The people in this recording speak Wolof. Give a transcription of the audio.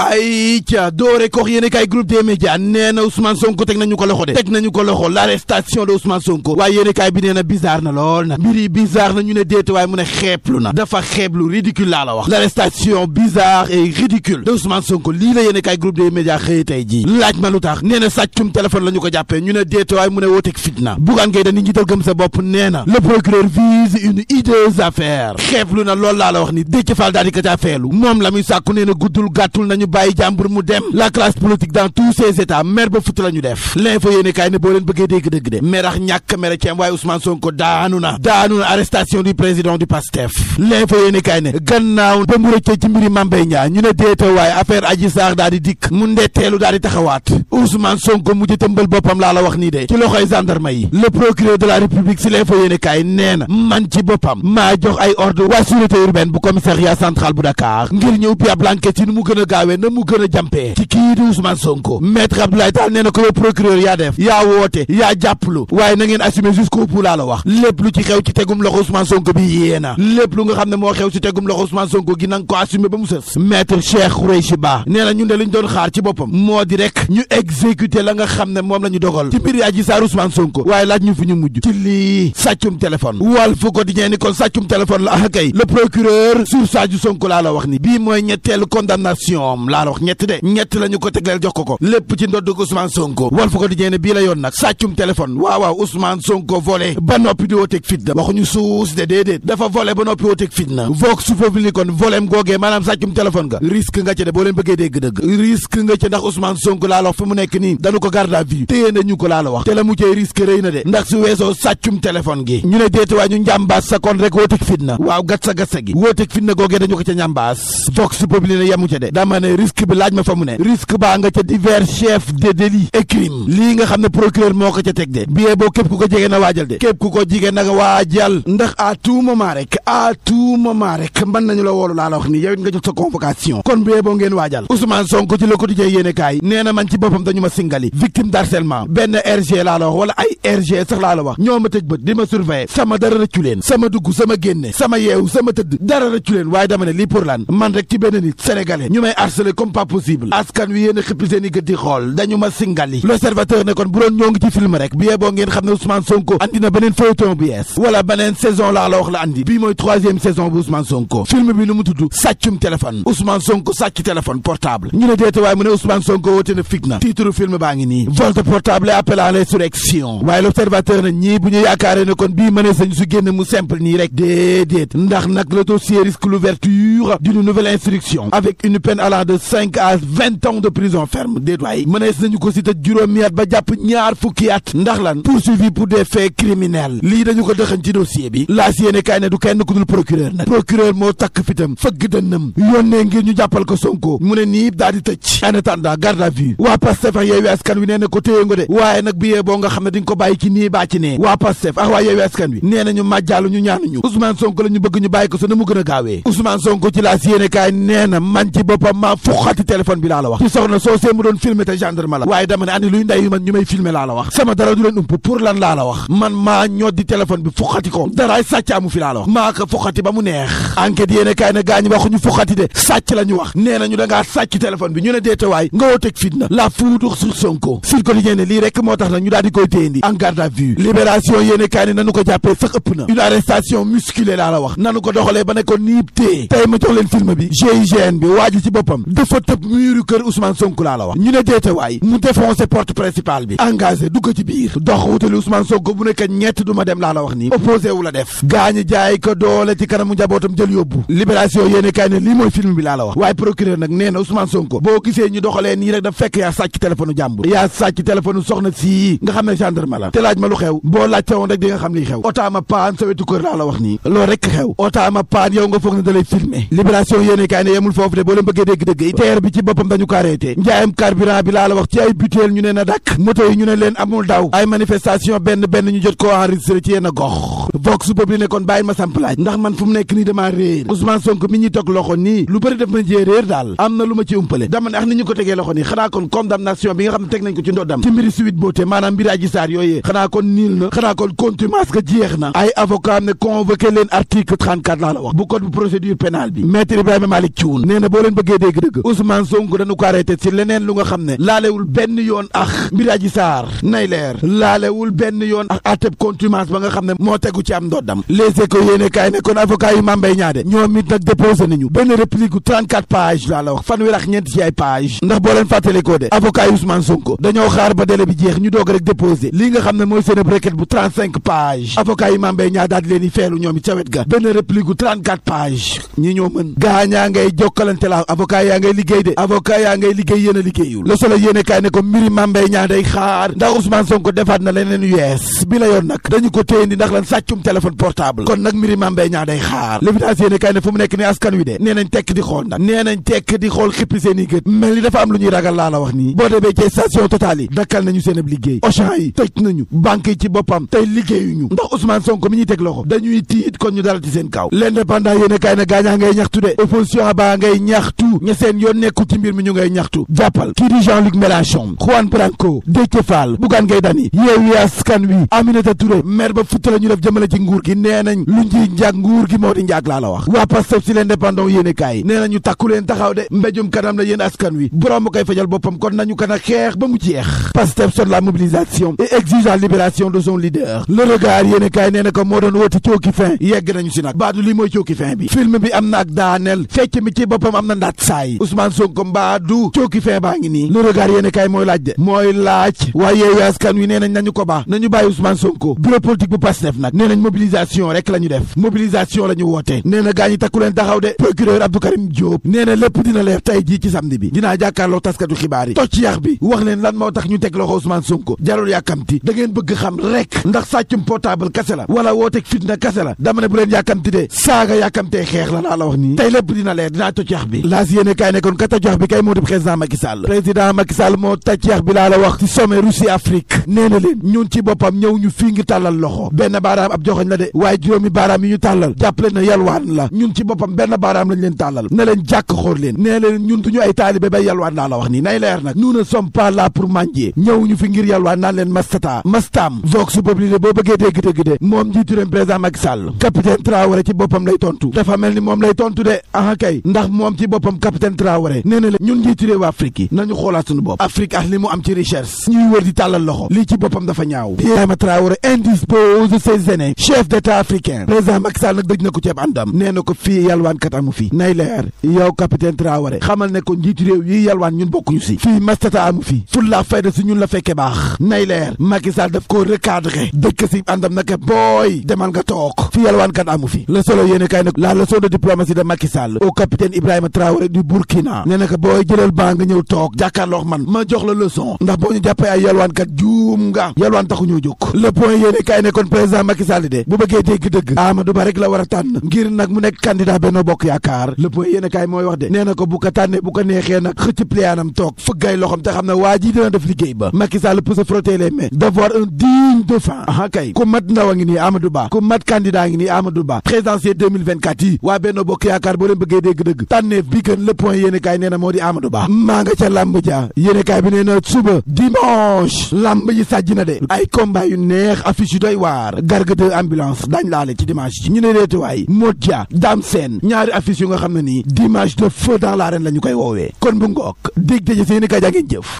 ay ca doore kox yéen kay groupe des médias nee Ousmane Sonko teg nañu ko loxo de teg nañu ko loxo l'arrestation de Ousmane Sonko waaye yéen kay bi na bizarre na lool na mbir bizarre na ñu ne déet mu ne dafa xeeblu ridicule laa wax l'arrestation bizarre et ridicule de Ousmane Sonko lii la yéen kay groupe des médias xëy tey jii laaj ma lu tax nee na sàccum téléphone la ko jàppee ñu ne déet mu ne fitna bugaan ngay dañu njiital gëm sa bopp nee le procureur vise une hideuse affaire xeeblu na lool la wax ni Déthié Fall daal di ko ca feelu moom la muy sàkku na guddul nañu bàyyi jambour mu dem la classe politique dans tous ses états mer ba futt la def l'info yéene ne bo len beugé dégg dëgg de merax ñak mere ceem waaye Ousmane Sonko daanu na daanu arrestation du président du PASTEF l'info yéene kaay ne gannaaw ba mu ci mbiri Mambey Niang ñu ne dété way affaire Adji Sarr daal di dik mu ndetteelu daal di taxawaat Ousmane Sonko mu tëmbal boppam laa la wax ni de ci loxoy gendarme yi le procureur de la république ci l'info yéene kaay nee na man ci bopam ma jox ay ordre wa sûreté urbaine bu commissariat central bu Dakar ngir ñëw pia blanquette enquête mu gëna gaawé na mu gën a ci ki di Ousmane Sonko maître Abdoulaye Tall néna ko procureur ya def ya woté ya japplu waaye na ngeen assumer jusqu'au bout laa la wax lepp lu ci xew ci tegum loxo Ousmane Sonko bi yée lepp lu nga xamné mo xew ci tegum loxo Ousmane Sonko gi nang ko assumer ba mu sës maître Cheikh Khoureyssi Ba nee na ñun de liñ doon xaar ci bopam moo di rek ñu exécuter la nga xamné mom lañu dogal ci mbiri Adji Sarr Ousmane Sonko waaye laaj ñu fi ñu mujj ci li sàccum téléphone wal fu ko di ñéni ni kon sàccum téléphone la ah le procureur sur Sadio Sonko la la wax ni bi moy ñettel condamnation doom laa la wax ñett de ñett la ñu ko tegleel jox ko ko lépp ci ndodd Ousmane Sonko Walf Quotidien ne bii la yoon nag sàccum téléphone waaw waaw Ousmane Sonko volé ba noppi di wooteeg fitna waxuñu suus de déedéet dafa volé ba noppi wooteeg fitna voog su foofu kon volem googee maanaam sàccum téléphone nga risque nga ci de boo leen bëggee dégg dëgg risque nga ci ndax Ousmane Sonko laa la wax fi mu nekk nii dañu ko garde à vue nañu ko laa la wax te la mu ne risque bi laaj ma fa mu ne risque baa nga ca divers chef de délit et lii nga xam ne procureur moo ko ca teg de biyee boo képp ku ko jege na waajal de képp ku ko jege na waajal ndax à tout moment rek à tout rek mën nañu la woolu laa la wax nii yow nga jot sa convocation kon biyee boo ngeen waajal Ousmane Sonko ci le quotidien yéene kaay nee na man ci boppam dañu ma singali victime d'harcèlement benn RG laa la wax wala ay RG sax laa la wax ñoo ma tëj bët di ma sama dara rëccu leen sama dugg sama génne sama sama tëdd dara rëccu leen waaye dama ne lii pour man rek ci benn nit sénégalais ñu may morcelé comme pas possible askan wi yéen a xippi gëddi xol gët dañu ma singali l'observateur ne kon bu doon ñong ci film rek biyee boo ngeen xam Ousmane Sonko andina benen feuilleton bu yees wala benen saison la la wax la andi moy 3 troisième saison bu Ousmane Sonko film bi lu mu tudd sàccum téléphone Ousmane Sonko qui téléphone portable ñu ne deete way mu ne Ousmane Sonko woote na fikna. titre film ba ngi ni vol portable appel à l'insurrection Way l'observateur ne ñi bu ñu yaakaaree ne kon bi mënee señ su génn mu simple ni rek déedéet ndax nak le dossier risque l'ouverture d'une nouvelle instruction avec une peine à la de 5 à 20 ans de prison ferme déedwaay mënees nañu ko ci te juróomi at ba japp ñaar fukki at ndax lan poursuivi pour des faits criminels li dañu ko dëxañ ci dossier bi laas yéene kay ne du kenn ku dul procureur nag procureur moo takk fitam fëgg deñum yónnee ngir ñu jappal ko Sonko mu ne nii daal di tecc en attendant garde à vue wa Pastef ak Yewwi Askan Wi nee na ko téye nga de waaye nag biyee boo nga xamne ne ko bayyi ci ni ba ci ne wa Pastef ak wa Yewwi Askan Wi nee nañu màjjaalu ñu ñaanu ñu Ousmane Sonko la ñu bëgg ñu bayyi ko sa na mu gëna gaawé Ousmane Sonko ci laas yéene kay nee na man ci bopam maa fuqati téléphone bi laa la wax ci soxna soo see mu doon filmer te gendarme la waaye dama ne ani luy nday yu man ñu may filmer laa la wax sama dara du leen ump pour lan laa la wax man maa ñoo di bi fuqati ko daraay sàcc amu fi laa la wax maa ko fuqati ba mu neex enquête yéene kaay ne gaañ waxuñu fuqati de sàcc la ñu wax nee nañu dangaa sàcc téléphone bi ñu ne deetewaay nga woo teg fitna la fuutu sur lii rekk moo tax na ñu daal di koy téyendi en garde à vue libération yéene kaay ne ko jàppee sax ëpp na une arrestation musculée laa la wax nanu ko doxalee ba ne ko niib téye tey ma jox leen film bi GIGN boppam dafa tëb muru kër Ousmane Sonko laa la wax ñu ne deete waay mu défoncé porte principale bi engagé dugg ci biir dox wutali Ousmane Sonko bu nekk ñett du ma dem laa la wax nii opposé wu def gaañu jaay ko doole ci kanamu njabootam jël yóbbu libération yéene kaay ne mooy film bi laa la wax waaye procureur nag nee na Ousmane Sonko boo gisee ñu doxalee nii rek daf fekk yaa sàcc téléphone jàmbur yaa sàcc téléphone soxna sii nga xam ne gendarme la ma lu xew boo laajte woon Gueye teer bi ci boppam dañu ko njaayam carburant bi laa la wax ci ay butéel ñu ne dakk moto yi ñu ne leen amul daw ay manifestation benn benn ñu jot koo enregistré ci yenn gox vox populi ne kon bàyyil ma samplaaj ndax man fu mu nekk nii damaa réer Ousmane Sonko mi ñuy tog loxo nii lu bëri def ma jee réer daal am na lu ma ci umpale dama ne ax ah, ni ñu ko tegee loxo nii xanaa kon condamnation bi nga xam ne teg nañ ko ci ndoddam ci mbiri suite dëgg Ousmane Sonko dañu ko arrêté ci leneen lu nga xam ne laalewul benn yoon ak mbir Adji Sarr nay leer laalewul benn yoon ak atteb contumace ba nga xam ne moo tegu ci am ndoddam Les Échos yéene kaay ne kon avocat yu Mame Mbaye de ñoom nag déposé nañu benn réplique gu 34 pages laa la wax fanweer ak ñeent ci ay page ndax boo leen fàttalikoo de avocat yu Ousmane Sonko dañoo leen di feelu ñoom ca wet ga benn réplique gu 34 pages ñi ñoo mën gaañaa ngay liggéey de avocat yaa ngay liggéey yéen a liggéeyul le soleil yéene kaay ko mbiri mambay ñaa xaar ndax Ousmane Sonko defaat na leneen yees bi la yoon nag dañu ko téyandi ndax lan tekk di xool nag nee tekk di xool xippi seen i gët mel ni dafa am lu ñuy ragal laa la wax nii boo demee ci station Total yi dakkal nañu seen ab liggéey Auchan yi tëj nañu banque yi ci boppam tey liggéeyuñu ndax Ousmane Sonko mi ñuy teg loxo dañuy tiit kon ñu sen yoon nekku ci mbir mi ñu ngay ñaxtu jàppal ki di Jean-Luc Mélenchon Juan Branco Déthié Fall Bougane Gueye Dany Yewwi Askan Wi Aminata Touré maire ba la ñu def jëmale ci nguur gi nee nañ lu njiy njaag nguur gi moo di la la wax wa Pastef ci l'indépendant yéene kaay takku len taxaw de mbéjum kanam la yéen askan wi borom koy fajal bopam kon nañu kana a ba mu jeex Pastef sur la mobilisation et exige la libération de son leader le regard yéene kaay nee ko moo doon woote cooki fin yegg nañu si nag baadu li mooy cooki fin bi film bi amna ak danel fecc mi ci bopam amna ndat ndaat yi Ousmane Sonko mbaa du cooki fee baa ngi nii le regard mooy laaj de mooy laaj waaye yeewu askan wi nee nañu ko baa nañu bàyyi Ousmane Sonko bureau politique bu Pastef nag nee nañ mobilisation rek la def mobilisation la ñu woote nee na takku leen taxaw de procureur Abdou Karim Diop lépp dina leef tey jii ci samedi bi dinaa jàkkaarloo taskatu xibaar yi tocc yax bi wax leen lan moo tax ñu teg la wax nii tey lépp dina leer kaay nekkoon ka taj wax bi kay moo di président Macky Sall président Macky Sall moo taj wax bi laa la wax ci sommet Russie Afrique nee na leen ñun ci boppam ñëw ñu fii ngi tàllal loxo benn baaraam ab joxoñ la de waaye juróomi baaraam yi ñu tàllal jàppale na yalwaan la ñun ci boppam benn baaraam lañ leen tàllal na leen jàkk xool leen nee leen ñun duñu ay taalibe bay yalwaan laa la wax nii nay leer nag nous ne sommes pour manger ñëw ñu fi ngir yalwaan Alassane Traoré nee na leen ñun njiitu réew Afrique yi nañu xoolaat suñu bopp Afrique ak li mu am ci richesse ñuy wër di tàllal loxo lii ci boppam dafa ñaaw Ibrahima Traoré indispose ses aînés chef d'état africain président Macky Sall nag dëj na ko ceeb àndam nee na ko fii yalwaankat amu fi nay leer yow capitaine Traoré xamal ne ko njiitu réew yi yalwaan ñun bokkuñu si fii mastata amu fi ful fayda si ñun la fekke baax nay leer Macky daf ko recadré dëj Burkina nee na ko booy jëlal baa nga ñëw toog jàkkaarloo man ma jox la leçon ndax boo ñu jàppee ay yalwaankat juum nga yalwaan taxu ñoo jóg le point yéene président Macky de bu bëggee dégg dëgg Amadou Ba rek la war a tànn ngir nag mu nekk candidat Benno Bokk Yaakaar le point mooy wax de nee ko bu ko tànnee bu ko neexee nag xëcc pliyaanam toog fëggay loxom te xam ne waa ji dina def liggéey ba Macky Sall pour se témoin yéene kaay nee na moo di Amadou Ba maa nga ca làmb ja yéene kaay bi nee suba dimanche làmb yi sàjj na de ay combat yu neex affiche yu doy waar garga de daañ laale ci dimanche ci ñu ne deetuwaay moot Dia Dame seen ñaari affiche yu nga xam ne nii dimanche de feu dans l'arène la ñu koy woowee kon bu ngook dég daje seen i kaay jaa ngeen jëf